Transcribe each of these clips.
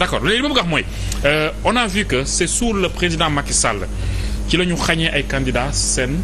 d'accord léegi li ma bëgg a mooy euh, on a vu que c'est sous le président Macky Sall ci la ñu xañee ay candidats seen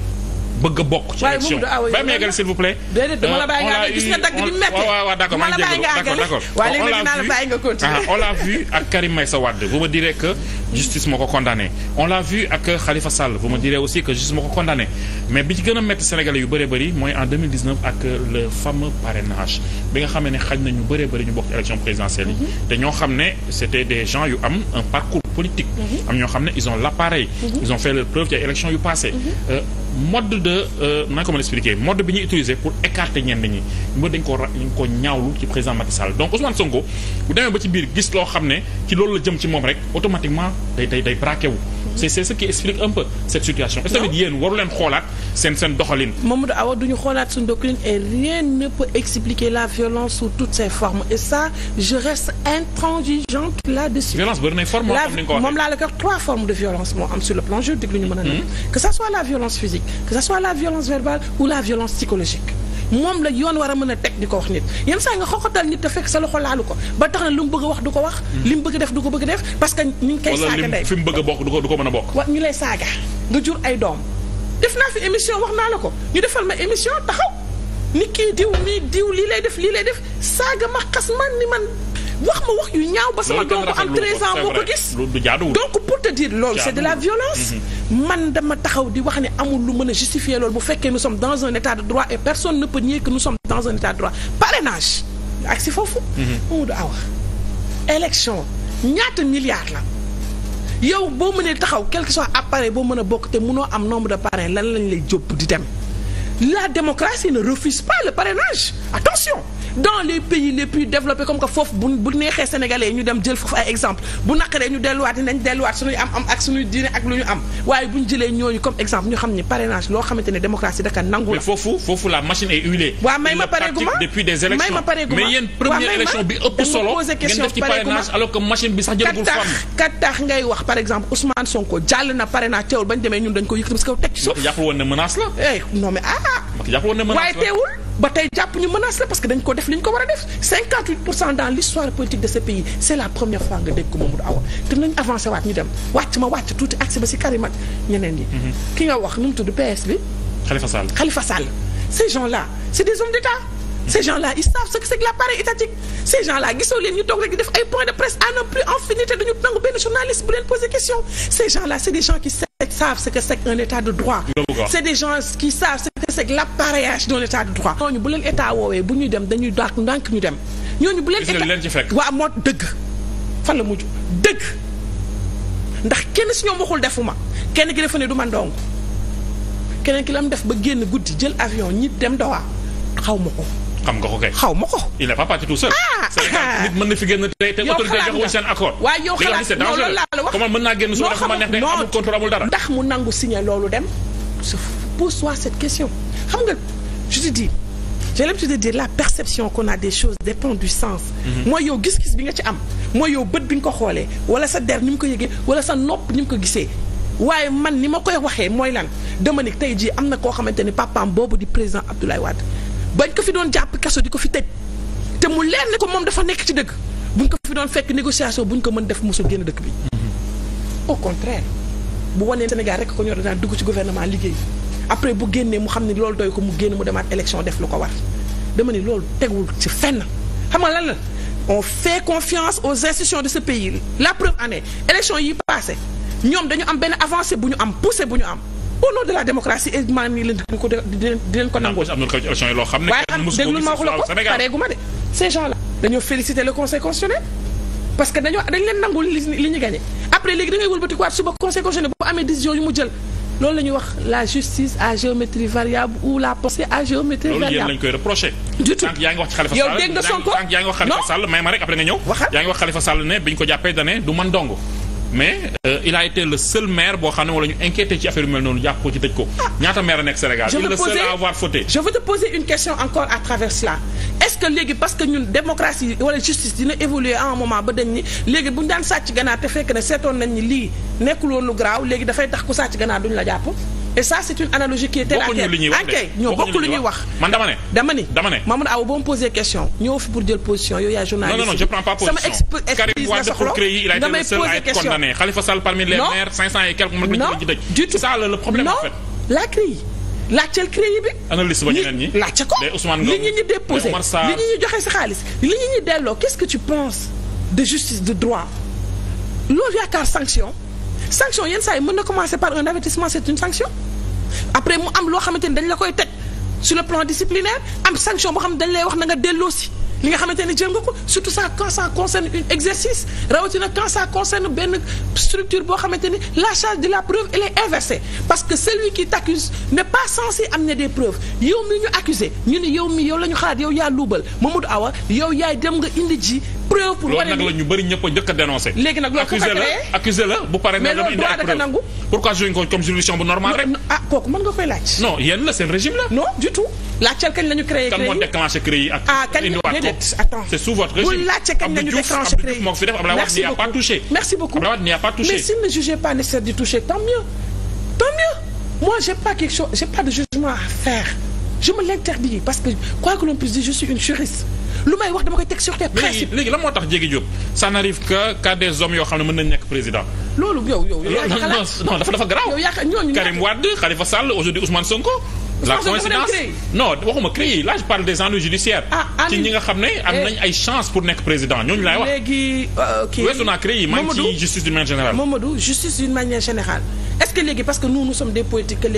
bëgg bokk. ci élection ah ba mu yeggal s'il vous plaît. déedéet dama la bàyyi nga euh, gis nga d'accord maa la bàyyi nga continuer. on l'a vu ak Karim Meïssa Wade vous me direz que. justice moo ko condamné on l'a vu ak Khalifa Sall vous me direz aussi que justice moo ko condamné mais bi ci gën a métti Sénégalais yu bëree bëri mooy en ak le fameux parrainage bi nga xamee ne xaj na ñu bare bëri ñu bokk élection présidentielle yi mhm. te ñoo xam ne c'était des gens yu am un parcours politique mhm. am ñoo xam ne ils ont l'appareil mhm. ils ont fait leur preuve ci ay yu passées euh, mode de euh, naa ko mën expliquer mode bi ñuy utiliser pour écarter ñenn ñi ba dañ ko dañ ko ñaawlu ci président Macky donc Ousmane Sonko bu demee ba ci biir gis loo xam ne ci loolu la jëm ci moom rek automatiquement day day day braqué wu. c'est c'est ce qui explique un peu cette situation. est-ce que tamit yéen xoolaat seen seen doxalin. Mamadou Awa duñu xoolaat suñu doxalin et rien ne peut expliquer la violence sous toutes ses formes et ça je reste intransigeante moom laa la ko wax trois formes mm-hmm. la violence physique. que ça soit la violence verbale ou la violence psychologique moom la yoon war a mën a teg di ko wax nit yenn saa nga xoxotal nit te fekk sa loxo laalu ko ba tax na lu mu bëgg wax du ko wax. Mm. li mu bëgg def du ko bëgg def parce que. ñu ngi saaga ndey fi mu bëgg a bokk du ko du ko mën a bokk. ñu lay saaga nga jur ay doom def naa fi émission wax naa la ko ñu defal ma émission taxaw ni kii diw mii diw lii lay def lii lay def saaga ma xas man ni man. wax ma wax yu ñaaw ba sama doom bu am 13 ans moo ko gis donc pour te dire loolu c'est de la violence mm-hmm. man dama taxaw di wax ne amul lu mën a justifier loolu bu fekkee nous sommes dans un état de droit et personne ne peut nier que nous dans un état de droit parrainage ak si foofu mm-hmm. Mamadou Awa élection ñaata milliards la yow boo mënee taxaw quel que soit appareil boo mën a bokk te mënoo am nombre de parrain lan lañ lay jóbb di dem la démocratie ne refuse pas le parrainage attention dans les pays les plus développés comme que foofu bu bu neexee sénégalais ñu dem jël foofu ay exemple bu naqaree ñu delluwaat nañ delluwaat suñuy am am ak suñuy diine ak lu ñu am waaye bu jëlee ñooñu comme exemple ñu xam ne parrainage loo xamante ne démocratie nangu la. foofu foofu la machine est huilée. waaw may ma pareegu ma may ma pareegu élection bi ëpp solo ngeen def ci parrainage alors que machine bi sax jëlagul femme. kat tax ngay wax par exemple waaye teewul ba tey jàpp ñu menace la parce que dañ ko def li ñu ko war a def 58 pour cent dans l'histoire politique de ce pays c' la première fois nga dégg ko Mamadou Awa te nañ avancé waat ñu dem wàcc ma wàcc tuuti accès ba si Karim ak ñeneen ñi mhm. ki nga wax nu mu tudd PS bi Khalifa Sall Khalifa Sall ces gens là c' est des hommes d' état mhm. ces gens là ils savent ce que c'est étatique ces gens là gisoo leen ñu toog rek def ay points de presse c'est l'appareillage dans l'état de droit. ñooñu bu leen état woowee bu ñuy dem dañuy daak ndànk ñu dem ñooñu bu leen état waaw moo dëgg fan la mujj dëgg ndax kenn si ñoom waxul defuma kenn ki dafa ne du ma ndong keneen ki la def ba génn guddi jël avion ñi dem dowaa xaw ma ko ko kay ah! nit mën na fi génn tey te autorité joxewul seen accord. waaw yow xalaat non loolu laa la wax. comment mën naa génn su ma neex amul contrôle amul dara. ndax mu nangu signé loolu dem pour toi cette question xam nga je te dis j'ai l'habitude de la perception qu'on a des choses dépend du sens mhm. mooy yow gis-gis bi nga ci am mooy yow bët bi nga ko xoolee wala sa der ni mu ko yëgee wala sa nopp ni mu ko gisee waaye man ni ma koy waxee mooy lan Dominique tey jii am na koo xamante ni papaam boobu di président Abdoulaye Wade bañ ko fi doon jàpp kaso di ko fi tëj te mu leer ne ko moom dafa nekk ci dëgg buñ ko fi doon fekk négociation buñ ko mën def mosul génn dëkk bi mhm. au contraire bu wanee Sénégal rek ko ñor dinaa dugg ci gouvernement liggéey après bu génnee mu xam ne loolu doy ko mu génn mu demaat élection def lu ko war dama ni loolu tegul ci fenn xam nga lan la on fait confiance aux institutions de ce pays la preuve en est élection yi passé ñoom dañu am benn avancée bu ñu am poussé bu ñu am au nom de la démocratie et maa ngi leen di ko di leen ko nangoo. am loo xam ne. déglul ma wax la ko pareegu ma de ces gens là dañoo féliciter le conseil constitutionnel parce que dañoo dañ leen nangul li ñu amee décision yu loolu la ñuy wax la justice à géométrie variable ou la pensée à géométrie variable. loolu yéen lañ koy reproché. du yaa ngi wax ci Khalifa Sall yow dégg nga Sonko yaa ngi wax Khalifa Sall may ma rek après nga ñëw. waxal yaa ngi wax Khalifa Sall ne biñ ko jàppee da ne du man dong. mais euh, il a été maire boo xam ne wala ñu inquiété ci affaire yu mel noonu jàpp ko ci tëj ko ah. ñaata maire a nekk Sénégal il le seul à avoir fauté je veux te poser une question encore à travers cela est que léegi parce que ñun démocratie wala justice dina évoluer à un moment ba dañ ni léegi bu ñu daan sàcc ganaar te fekk ne seetoon nañ lii nekkul woon lu garaaw léegi dafay tax ku sàcc ganaar duñ la jàpp et ça c' est une analogie qui est terre à terre ankay ñoo bokk lu ñuy wax man dama ne dama ni dama ne Mamadou Aw boo ma posé question ñëw fi pour jël position yow yaa journaliste non non je prends pas position sama expertise la soxla damay posé question Khalifa Sall parmi les maires 500 et quelques non du tout ça le problème en fait la CREI laajteel CREI bi. analyse ba ñeneen ñi laajte ko li ñu ñu déposé li ñu ñu joxe si xaalis li ñu ñu delloo qu'est-ce que tu penses de justice de droit loolu yaakaar sanction sanction yenn saa yi mën na commencer par un avertissement c'est une sanction après mu am loo xamante ni dañ la koy teg sur le plan disciplinaire am sanction boo xam ne dañ lay wax na nga delloosi li nga xamante ne jël nga ko surtout ça quand ça concerne un exercice rawatina quand ça concerne benn structure boo xamante ni la charge de la preuve elle est inversée parce que celui qui t'accuse n'est pas censé amener des preuves yow mi ñu accusé ñu ni yow mi yow la ñu xalaat yow yaa luubal Mamadou Awa yow yaay dem nga indi ji preuve la ñu bëri ñëpp a njëkk a dénoncé. comme juridiction bu normal ah kooku mën nga koy laaj. non yéen la seen régime la. non du tout laajteel kañ la ñu créé. CREI kan moo déclenché CREI ak. ah kañ déedéet attends c'est sous votre régime. bu laajte kañ la ñu déclenché CREI Abdou tant mieux moi j'ai pas quelque chose j'ai pas de jugement à faire je me l'interdis parce que quoi que l'on puisse dire lu may wax dama koy teg sur tes principes. léegi léegi lan moo tax Diégui Diop ça n'arrive que qu'à des hommes yoo xam ne mën nañ nekk président. loolu yow yow yaa ngi xalaat dafa dafa garaaw. yow yaa ñooñu Karim Wade aujourd'hui Ousmane Sonko. la coïncidence non waxuma créé là je parle des ennuis judiciaires. Ah, ci ñi nga xam ne am eh. nañ ay chance pour nekk président ñooñu laay wax. léegi euh, weesu naa créé maa ngi justice d'une manière générale. est-ce que léegi parce que nous nous sommes des politiques que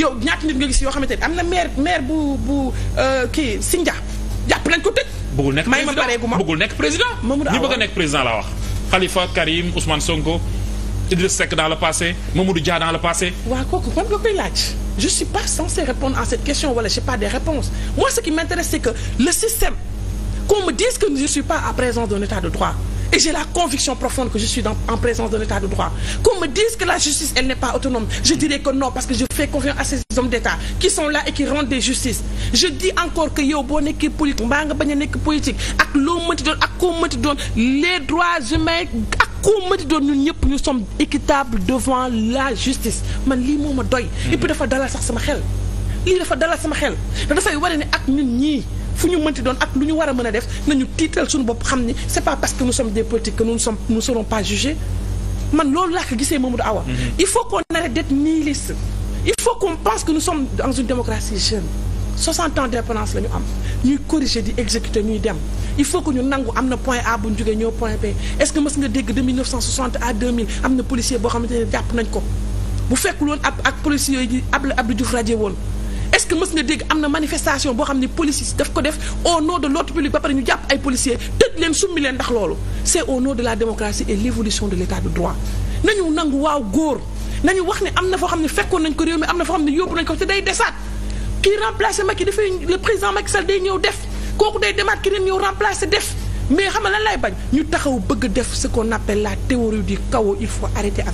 yow ñaata nit nga gis yoo xamante ne am na maire maire bu bu euh, kii Sindia jàpp nañ ko tëj. nekk président may ma pareegu ma bëggul nekk président. Mamadou Awa ñi bëgg nekk président laa wax. Khalifa Karim Ousmane Sonko Idriss Seck dans le passé Mamadou Dia dans le passé. waaw kooku kon nga suis pas censé répondre à cette question wala j'ai pas des réponses moi ce qui m'intéresse c'est que le système qu'on me dise que je suis pas à présent d'un état de droit. Et j'ai la conviction profonde que je suis en présence de l'état de droit. Qu'on me dise que la justice, elle n'est pas autonome. Je dirais que non, parce que je fais confiance à ces hommes d'État qui sont là et qui rendent des justices. Je dis encore que yow boo nekkee politique mbaa nga bañ a nekk politique ak loo mënti doon ak koo mënti doon les droits humains ak koo mënti doon ñun ñëpp ñu sommes équitables devant la justice man lii moom ma doy. et puis dafa dalal sax sama xel. lii dafa dalal sama xel dafay wane ak ñun ñii. fu ñu mënti doon ak lu ñu war a mën a def nañu tiital suñu bopp xam ni c'est pas parce que nous sommes des politiques que nous ne sommes nous serons pas jugés man loolu laa ko gisee Mamadou Awa. Mhm. il faut qu'on arrête d'être nihiliste. il faut que nous sommes dans jeune 60 ans d'indépendance la am ñuy corriger di exécuter ñuy dem il faut que ñu nangu am na point A bu ñu jógee ñëw point B est-ce que mës nga dégg de 1960 à 2000 am na policier boo xamante ne jàpp ko bu fekkul woon ab ak policier yi Abdou woon. est-ce que mës nga dégg am na manifestation boo xam ne police daf ko def au nom de l'ordre public ba pare ñu jàpp ay policiers tëj leen summi leen ndax loolu c'est au de la démocratie et l'évolution de l'état de droit nañu nangu waaw góor nañu wax ne am na foo xam ne fekkoon nañ ko réew mi am na foo xam ne yóbbu nañ ko te day desaat kii remplacé Macky dafay le président Macky Sall day ñëw def kooku day demaat ki dem ñëw remplacé def mais xam nga lan lay bañ ñu taxaw bëgg def ce qu'on la théorie du chaos il faut arrêter